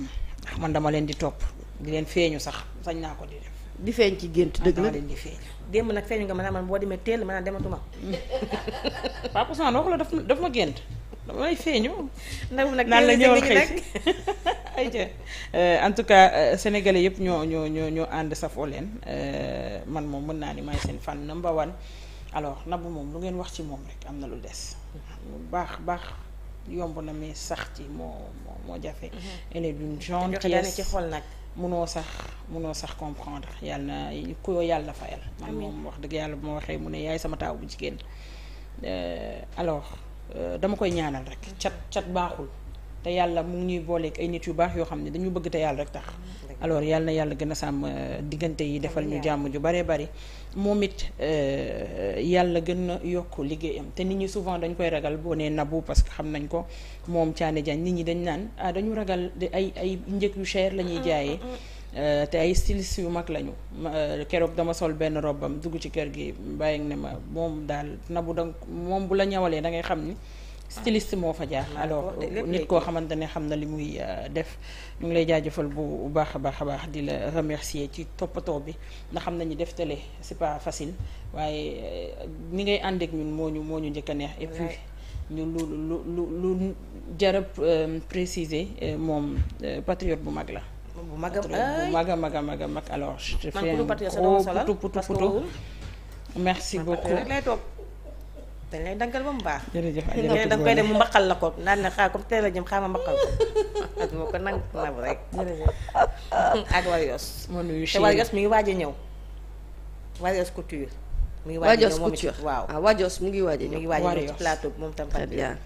am ndax man dama leen di topp di leen feeñu sax sañ naa ko di def. di feeñ ci gént dëgg la leen di feeñ. démb nag feeñu nga man a man boo demee teel man a dematuma. Papa Ousmane wax la daf ma daf ma gént dama lay nag naan la ñëwal xëy si ayca euh, en tout cas euh, sénégalais yëpp ñoo ñoo ñoo ñoo ànd safoo leen euh, man moom mën naa ni maay seen fan number one alors Nabou moom lu ngeen wax ci moom rek am na lu des. baax baax. yomb na mais sax ci moo moo jafe mhm. elle est d'une gentillesse ci xol nag munoo sax munoo sax comprendre yàlla na kuyoo yàlla fayal man moom wax dëgg yàlla bu ma waxee mu ne yaay sama taaw bu jigéen euh, alors euh, dama koy ñaanal rek mhm. cat cat baaxul te yàlla mu ngi ñuy booleek ay nit yu baax yoo xam ne dañu bëgg te yàlla rek tax alors yàlla na yàlla gën a sàmm euh, diggante yi defal ñu jàmm ju bare bari moom it euh, yàlla gën a yokk liggéeyam te nit ñi souvent dañ koy ragal boo nee nabu parce que xam nañ ko moom Thiané Diagne nit ñi dañ naan ah dañu ragal ay ay njëg yu cher la ñuy mm, mm, jaayee mm, euh, te ay styliste yu mag lañu keroog dama sol benn robam dugg ci kër gi bàyyi ne ma moom daal nabu danga moom bu la ñawalee da ngay xam ni styliste moo fa jaar alors nit koo xamante ne xam na li muy euh, def ñu ngi lay jaajëfal bu baax a baax a baax di la remercier ci toppatoo bi ndax xam nañu def tele c'est pas facile waaye euh, ni ngay ànd ak ñun moo ñu moo ñu njëkk a neex et puis lu lu lu lu jarab euh, préciser moom patriote bu mag la bu mag a mag a mag a mag a mag alors je te fais un gros poutou merci beaucoup te lay daggal ba mu baax. jërëjëf ajalaatu da nga koy dem mu mbaqal la ko naan la xaar comme teel a jëm xaar ma mbaqal ko ak moo ko nangu nab rek. jërëjëf ak Wariyos. ma nuyu te Wariyos mi ngi waaj ñëw. Wariyos couture. mi ngi waaj a ñëw moom it waaw ah, Wariyos mu ngi waaj a ñëw. mi ngi a ñëw ci plateau bi moom tam. très bien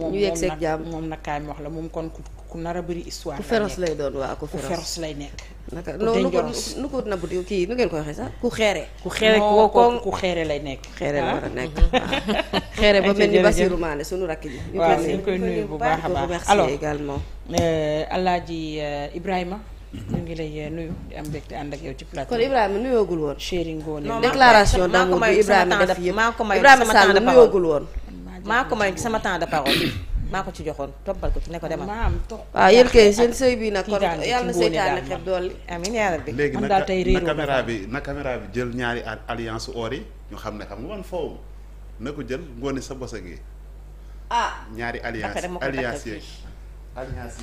ñu yegg seeg moom nag wax la moom kon couture. ku nara a bëri histoire. ku féroce lay doon waaw ku féroce lay nekk. naka nu ko nu ko di kii nu ngeen ko waxee sax ku xeere. ku xeere koo ko ku xeere lay nekk. xeere la ah? war a nekk ah. xeere ba mel ni Bassirou Mané sunu ji. ñu koy nuyu bu baax a baax alors également. Euh, euh, Ibrahima. ñu ngi lay euh, nuyu di am mbégte ànd ak yow ci plateau. kon Ibrahima nuyoogul woon. chéri ngoone déclaration d'amour bi Ibrahima def woon. maa ko may sama temps de parole maa ko ci joxoon toppal ko ci ne ko demal. waaw yéen kay seen sëy bi nag kon yàlla na seytaane xeb doole. amiin yaa rabbi léegi na caméra bi na caméra bi jël ñaari alliance or yi ñu xam ne xam nga man foofu na ko jël ngoone sa bosa gi ah ñaari alliance alliance yeeg alliance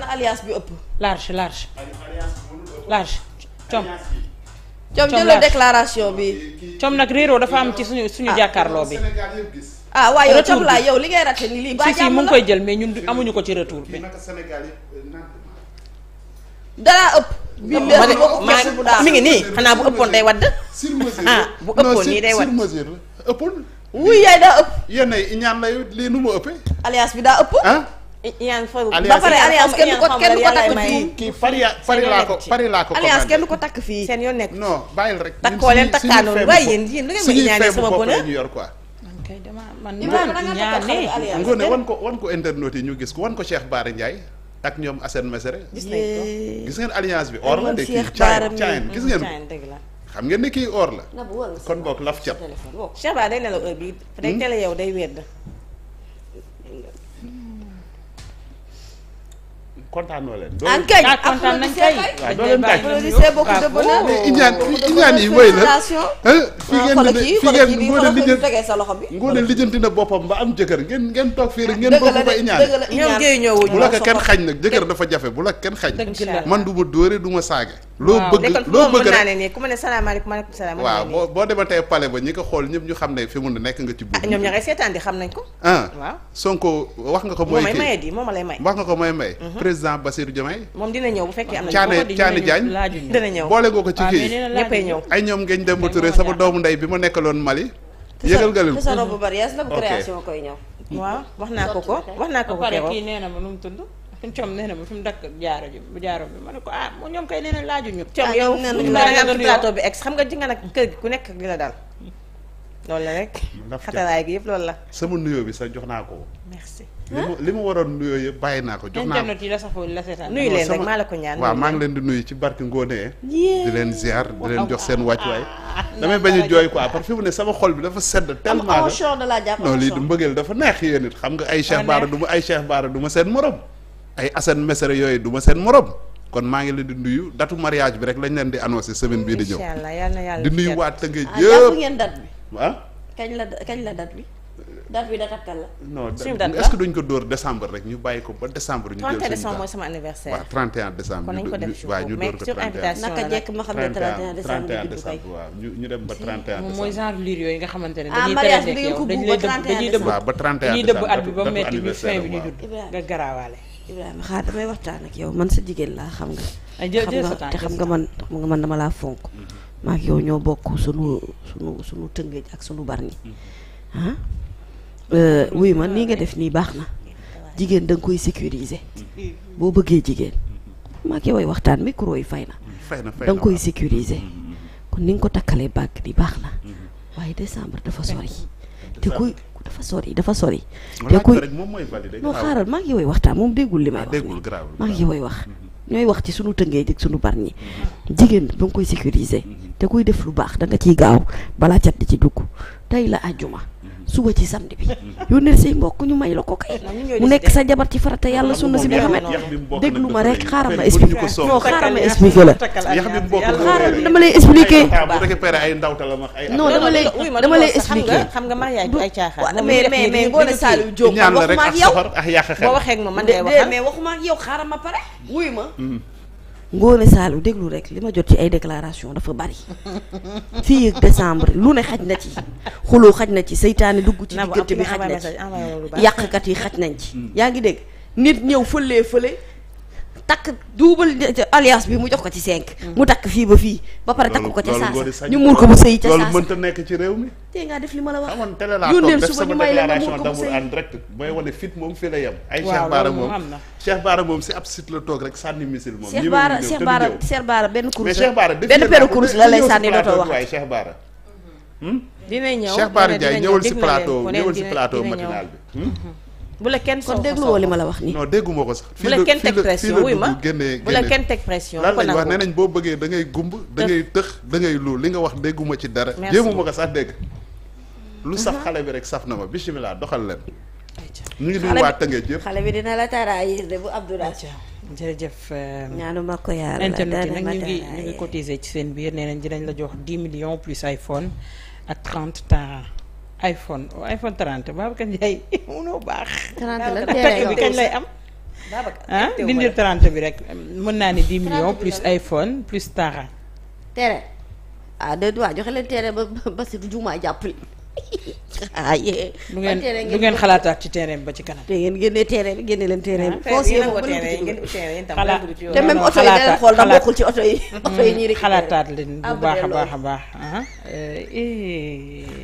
na alliance bi ëpp large large large com com jëlal déclaration bi. com nag réeroo dafa am ci suñu suñu ah. jàkkaarloo bi. ah waaye yow laa yow li ngay raté ni lii. ba jàmm la si koy jël mais ñun amuñu ko ci retour bi. dara ëpp. bi léegi boobu kese bu daal mi ngi nii xanaa bu ëppoon day wadd. sur mesure ah bu ëppoon nii day wadd sur mesure ëppoon. wuy yaay daa ëpp. yéen alliance bi daa ëpp. Iyane Farouk ba pare alliance kenn du ko kenn ko takk fii ko takk fii seen yoon nekk non bàyyil rek takkoo leen takkaanoon waaye yéen yéen lu ma iñaanee sama bonheur wan ko wan ko internautes yi ñu gis ko wan ko Cheikh Bara Ndiaye ak ñoom Assane Mesere gis ngeen alliance bi or la de kii caayan gis ngeen xam ngeen ne kii la kon boog laf cat Cheikh Bara day nelaw heure bi day hmm? tele yow day wedd kontaanoo leen. Ah, doo leen kay ah, kontaan nañ kay. waaw ah, doo leen kay beaucoup de bonheur. iñaan iñaan yi wéy la. fi ngeen di fi ngeen ngóode lijjanti sa loxo bi. ngóode lijjanti na boppam ba am jëkkër ngeen ngeen toog fii rek ngeen bokk ba iñaan. dëgg la bu la ko kenn xañ nag jëkkër dafa jafe bu la kenn xañ. man du ma dóore du ma saage loo bëgg loo bëgg rek ku ma ne salaamaaleykum maaleykum salaam waaw boo boo dematee palais ba ñi ko xool ñëpp ñu xam ne nekk nga ci buur ah, ah mhm. na caane caane Diagne dina ñëw boole nga ko ci ñoom ngeen dem ba Touré bi ma nekkaloon Mali yëgal nga leen sa robu bari la koy ñëw mm. waaw wax naa ko ko wax naa ko ko keroog suñ coom nee fi mu dakk jaaro ji jaaro bi ma ne ko ah mu ñoom kay nee na laaju ah, yow bi ex xam nga ji nga nag kër ku nekk li la dal loolu la rek xataraay gi yëpp loolu nuyoo bi sa jox naa ko merci li mu li mu waroon nuyoo naa ko jox naa ko yi la safoo la seetaan maa ngi leen di nuyu ci barke Ngone leen ziar leen jox seen ah, wàccuwaay ah, damay bañ a jooy quoi parce sama xol bi dafa sedd tellement non lii du mbëggeel dafa neex yéen it xam nga ay Cheikh Bara du ma ay Cheikh Bara du ma seen morom ay Assane Mesere yooyu du ma seen morom kon maa ngi leen di nuyu datu mariage bi rek lañ leen di annoncé semaine bii di ñëw. incha allah yal na yàlla di nuyu waa Tëngéej ah, yëpp jàpp ngeen date bi. ah kañ la kañ la date bi. date bi date la. non est-ce que duñ ko dóor décembre rek ñu bàyyi ko ba décembre. ñu jël suñu 31 décembre mooy sama anniversaire. waaw 31 décembre. kon nañu ko def waaw ñu dóor ko 31 naka jekk ma xam ne 31 décembre. 31 décembre waaw ñu ñu dem ba 31 ah, décembre. moom mooy genre lure yooyu nga xamante ne ah, dañuy traité ak yow dañu lay dëbb dañuy dëbb waaw ba 31 décembre dañuy dëbb at bi ba metti bi fin bi ñu dudd nga garaawaale Ibrahima xaar damay waxtaan ak yow man sa jigéen laa xam nga. xam nga xam nga man xam nga man dama laa fonk. Mm-hmm. maa ngi yow ñoo bokk sunu sunu sunu tëngëj ak sunu barni mm-hmm. ah euh, wuy ma nii nga def nii baax na jigéen da nga koy sécuriser. Mm-hmm. boo bëggee jigéen. maa ngi yow waxtaan micro yi fay na. fay na fay da nga koy sécuriser. kon ni nga ko takkalee bàgg bi baax na. waaye décembre dafa sori. te kuy dafa sori dafa sori. te kuy non xaaral maa ngi yowee waxtaan moom déggul li may wax maa ngi yowee wax mm-hmm. ñooy wax ci suñu tëngee ak sunu bar ñi mm-hmm. jigéen ba nga koy sécuriser mm-hmm. te kuy def lu baax danga ciy gaaw balaa cat di ci dugg tey la àjjuma mm-hmm. suba ci samedi bi mm-hmm. yónneel say mbokk ñu may la ko kay mu nekk sa jabar ci farata yàlla sunna si Muhammad déglu ma rek xaaral ma expliqué non dama lay dama lay expliqué xam nga mariage bi ay caaxaan mais xaaral ma pare wuy ma mm-hmm. Ngoone Saalum déglu rek li ma jot ci ay déclaration dafa bari fii ak décembre lu ne xaj na ci xuloo xaj na ci seytaane dugg ci diggante bi xaj na ci yàqkat yi xaj nañ ci hmm. yaa ngi dégg nit ñëw fëlee fële takk duubal alliance bi mu jox ko ci cinq mu takk fii ba fii ba pare takk ko ca saasa ñu muur ko mu sëy ca saasa loolu mënta nekk ci réew mi tey ma moom fii la yem ay Cheikh Bara moom Cheikh Bara moom si ab site la toog rek sànni missile moom Cheikh Bara Cheikh Bara benn kurus benn peru kurus la lay sànni dootoo wax dina ñëw Cheikh Bara Ndiaye ñëwal si plateau ñëwal si plateau matinal bi bu la kenn kon dégluwoo li ma la wax nii. non dégguma ko sax. bu la kenn teg pression wuy ma bu la kenn teg pression. lan lañ wax nee nañ boo bëggee da ngay gumb da ngay tëx da ngay lu li nga wax dégguma ci dara. merci jéemuma ko sax dégg. lu saf uh-huh. xale bi rek saf na ma bisimilah doxal leen. ñu ngi nuyu waa Tëngéej yëpp xale bi dina la taraay de bu Abdoulaye. jërëjëf. Euh, ñaanuma ko yàlla internet nag ñu ngi ñu ngi cotiser ci seen biir nee nañ dinañ la jox 10 millions plus iPhone ak 30 tara. iPhone o oh, iPhone 30 Babacar Ndiaye munoo baax. 30 la teel bi kañ lay am. ah dindil 30 bi rek mën naa ne 10 millions plus iPhone plus Tara. tere ah déedéet waa joxe tere ba ba si juumaa jàppale. ah yee. du ngeen du ngeen xalaataat ci terrain ba ci kanam. te ngeen génnee terrain bi génne leen terrain ah, bi. foos yéen a te même oto yi da xool da bokkul ci oto yi. oto yi xalaataat leen bu baax a baax a baax. Ah, eh, eh.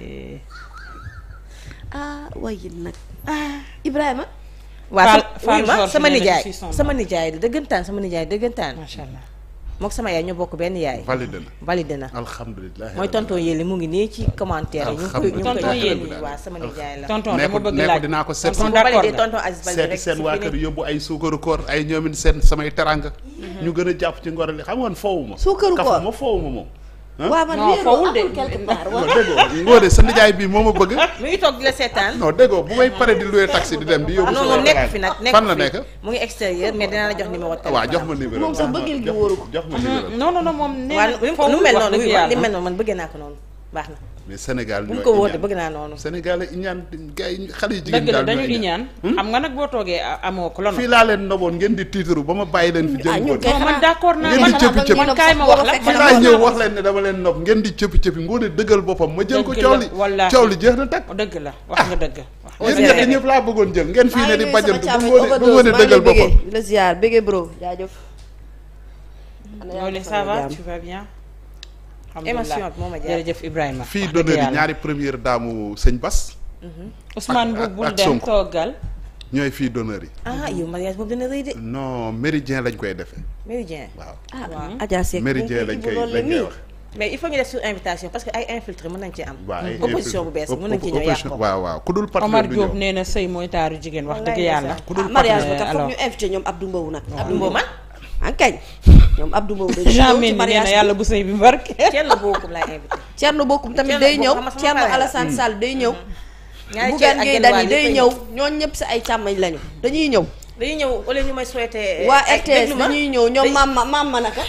ah wayit nag ah Ibrahima. waaw Fallou sama nijaay sama nijaay dëggantaan sama nijaay dëggantaan. macha allah mook sama yaay ñoo bokk benn yaay. valide na valide na. alhamdulilah mooy tonton Yéli mu ngi nii ci commentaire yi. ñu ngi koy ñu ngi koy Yéli waa sama nijaay la. tonton dama bëgg dinaa ko seet. tonton d'accord tonton Aziz Baldé rek seen waa kër yóbbu ay suukaru koor ay ñoomin seen samay teranga. Mm-hmm. ñu gën a jàpp ci ngoro li xam nga foowu ma. suukaru koor ma foowu ma moom. waaw man wéeru amul quelque part wala déggoo ngóode sa nijaay bii moo ma bëgg mi ngi toog di la seetaan non déggoo bu may pare di loué taxi di dem di yóbbu non moom nekk fi nag nekk fan la nekk mu ngi extérieur mais dinaa la jox numéro téléphone ah, waaw jox ma numéro moom sa bëggeel gi wóoru moom nee na lu mel noonu li mel noonu man bëggee naa ko noonu baax na mais Sénégal bu ko woote bëgg naa noonu Sénégal a iñaan gars yi xale yi jigéen daal dañu hmm? nag boo toogee amoo ko lan fii laa leen noboon ngeen di tiitaru ba ma bàyyi leen fi hmm. jël ah, ko ngeen di cëppi cëppi man kaay ma wax la fii di cëppi cëppi ngoo ne dëggal boppam ma jël ko coow li coow li jeex na takk oh, dëgg la wax nga dëgg yéen ñett ñëpp laa bëggoon jël ngeen fii ne di bajantu ba ngoo ne dëggal boppam le ziar bégee bro jaajëf ça va tu vas bien émission bi moo ma jaar jërëjëf Ibrahima. fii doon na ñaari première daamu sëñ Bas. Mm-hmm. Ousmane bu bul dem toogal ñooy fii d'honneur yi. ah yow mariage boobu dina rëy de. non méridien lañ koy defee. méridien waaw. ah waaw mm-hmm. Adja Seck méridien lañ koy lañ koy wax. mais il faut ñu def sur invitation parce que ay infiltré mën nañ ci am. Mm-hmm. opposition bu bees mën nañ ci ñëw yàq waaw waaw ku dul partenaire du ñëw Omar Diop nee na sëy mooy taaru jigéen wax dëgg yàlla. ku dul partenaire ah, mariage bi kat foog ñu invité ñoom Abdou Mbow nag. Ah. ankañ ah, ñoom Abdou Mbow dañuy ñëw ci mariage yàlla bu sëy bi barke. Thierno Bocoum laay invité. tamit day ñëw Thierno Alassane Sall day ñëw. Mm-hmm. Mm-hmm. ñaari Thierno ak Guèye Dany day ñëw ñooñ ñëpp si ay càmmañ lañu dañuy ñëw. dañuy ñëw au lieu waa eh, RTS dañuy ñëw ñoom maam ma naka.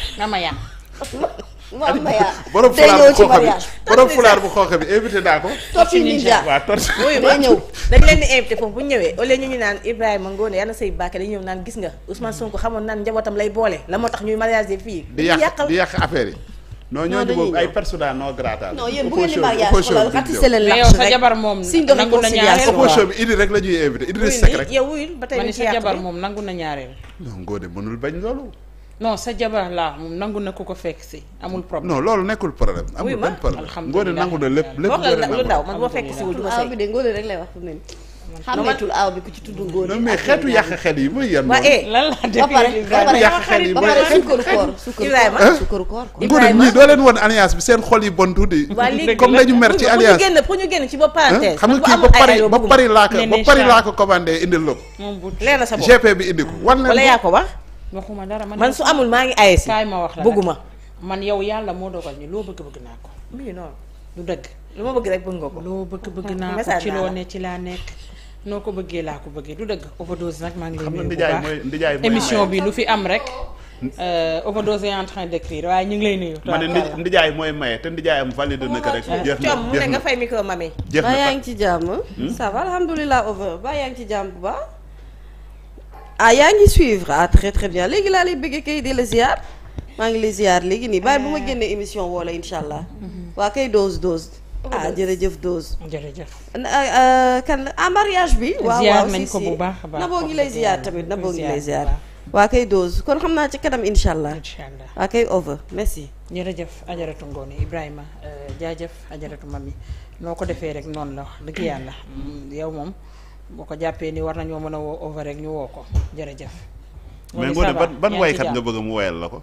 mu am mayaar borom fulaar bu xooxa bi borom fulaar bu xooxa naa ko. torti ninja waaw torti day ñëw ñu ñëwee naan Ibrahima Ngoné yàlla say bàkke dañu naan gis nga Ousmane Sonko xamoon naan njabootam lay boole la moo tax ñuy mariage fii. di yàq di yàq affaire yi. non ñooñu na ñaareel opposition moom nangu na ñaareel non Ngoné mënul bañ loolu non sa jabar laa moom nangu na ku ko fekk si amul problème. non loolu nekkul problème. amul benn problème ngoone nangu na lépp lépp lu ndaw man boo fekk si wul du ma sey. aw bi de ngoone rek lay wax xàmmeetul aw bi ku ci tudd ngoone. mais xeetu yàq xel yi mooy eh, lan la def ba pare ba pare sukkaru koor sukkaru koor ngoone ñii doo leen woon alliance bi seen xol yi bon tuuti. waa léegi comme dañu mer ci alliance pour ñu génn ci ba parenthèse. xam nga kii ba pari ba pari laa ko ba pari laa ko commandé indil la ko. leer na sa bopp GP bi indi ko. wala yaa ko wax waxuma dara man su amul maa ngi aye si kaay ma wax la bëgguma man yow yàlla moo dogal ni loo bëgg bëgg naa ko mii noonu du dëgg lu ma bëgg rek bëgg nga ko bëgg bëgg naa ci loo ne ci laa nekk noo ko bëggee laa ko bëggee du dëgg overdose nag maa ngi lay nuyu bu baax émission bi lu fi am rek euh, overdose est en train d'écrire waaye ñu ngi lay nuyu ma ne ndijaay mooy maye te ndijaay am valide na ko rek ah, ah. jeex na mu ne nga fay micro mami baa yaa ngi ci jàmm hmm? ça va alhamdulilah ah yaa ngi suivre ah très très bien léegi laa lay bëggee kay di la ziar maa ngi lay ziar léegi nii bàyyi bu ma eh. génnee émission woo la incha allah. Mhm. waa kay dose dose. ah jërëjëf dose. jërëjëf. Ah, ah, kan la ah, bi. waaw waaw si si na boo ngi lay ziar tamit na boo ngi lay ziar. waa kay dose kon xam naa ci kanam incha allah. incha allah waa kay over merci. jërëjëf ajaratu Ngoone Ibrahima euh, jaajëf ajaratu mami noo ko defee rek noonu la dëgg yàlla mm, yow moom. boo ko jàppee ni war nañoo mën a woo over rek ñu woo ko jërëjëf. mais ngoone ban ban waykat nga bëgg mu woyal la ko.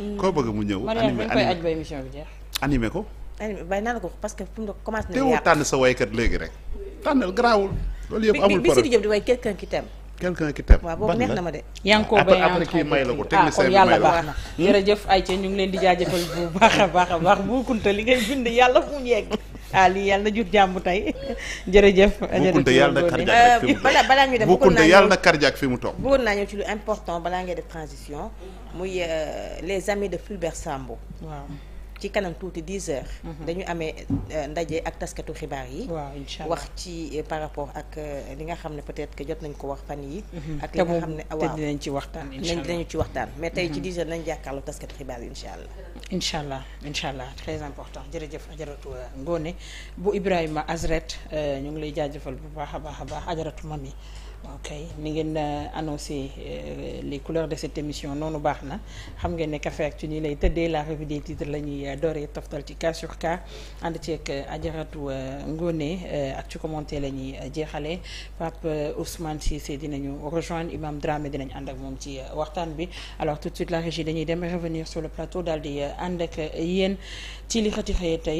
Euh, koo bëgg mu ñëw. animé animé koy aj ba émission bi jeex. animé ko. animé bàyyi naa la ko parce que fu mu commencé. na teewul tànn sa waykat léegi rek. tànnal garaawul. loolu yëpp amul problème bi bi Sidi Diop di way quelqu'un qui t'aime. quelqu'un qui t'aime. waaw boobu neex na ma de. yaa ngi ko bay après kii may la ko ah, technicien bi may la ko baax na. jërëjëf Aïcha ñu ngi leen di jaajëfal bu baax a baax a baax bu kunta li ngay bind ah lii yàlla na jur jàmm tey jërëjëf. jërëjëf yàlla na cardiaque fi mu euh, toog balaa ñuy def bëggoon naa yàlla na cardiaque fi mu toog. bëggoon naa ñëw ci lu important balaa ngay def transition muy euh, les amis de Fulbert Sambo. waaw. ci kanam tuuti 10 heures. Mhm. dañu amee euh, ndaje ak taskatu xibaar yi. waaw incha allah wax ci euh, par rapport ak euh, li nga xam ne peut-être jot nañ ko wax fan yi mhm. ak li nga xam ne waaw te dinañ ci waxtaan incha allah ci waxtaan mais tey ci 10 mhm. heures nañ jàkkaarloo taskatu xibaar yi incha allah. incha allah incha allah très important jërëjëf ajaratu Ngone bu Ibrahima Azret ñu ngi lay jaajëfal bu baax a baax a baax ajaratu mami ok ni ngeen euh, annoncé euh, les couleurs de cette émission noonu baax na xam ngeen ne Café Actu nii lay tëddee la revue des titres la ñuy euh, dooree toftal ci cas sur cas ànd ceeg ajaratu Ngone ak ci commenté la ñuy jeexale Pape Ousmane Cissé dinañu rejoindre Imam Dramé dinañ ànd ak moom ci waxtaan bi alors tout de suite la régie dañuy dem revenir sur le plateau daal di ànd ak yéen ci li xëti xëyee tey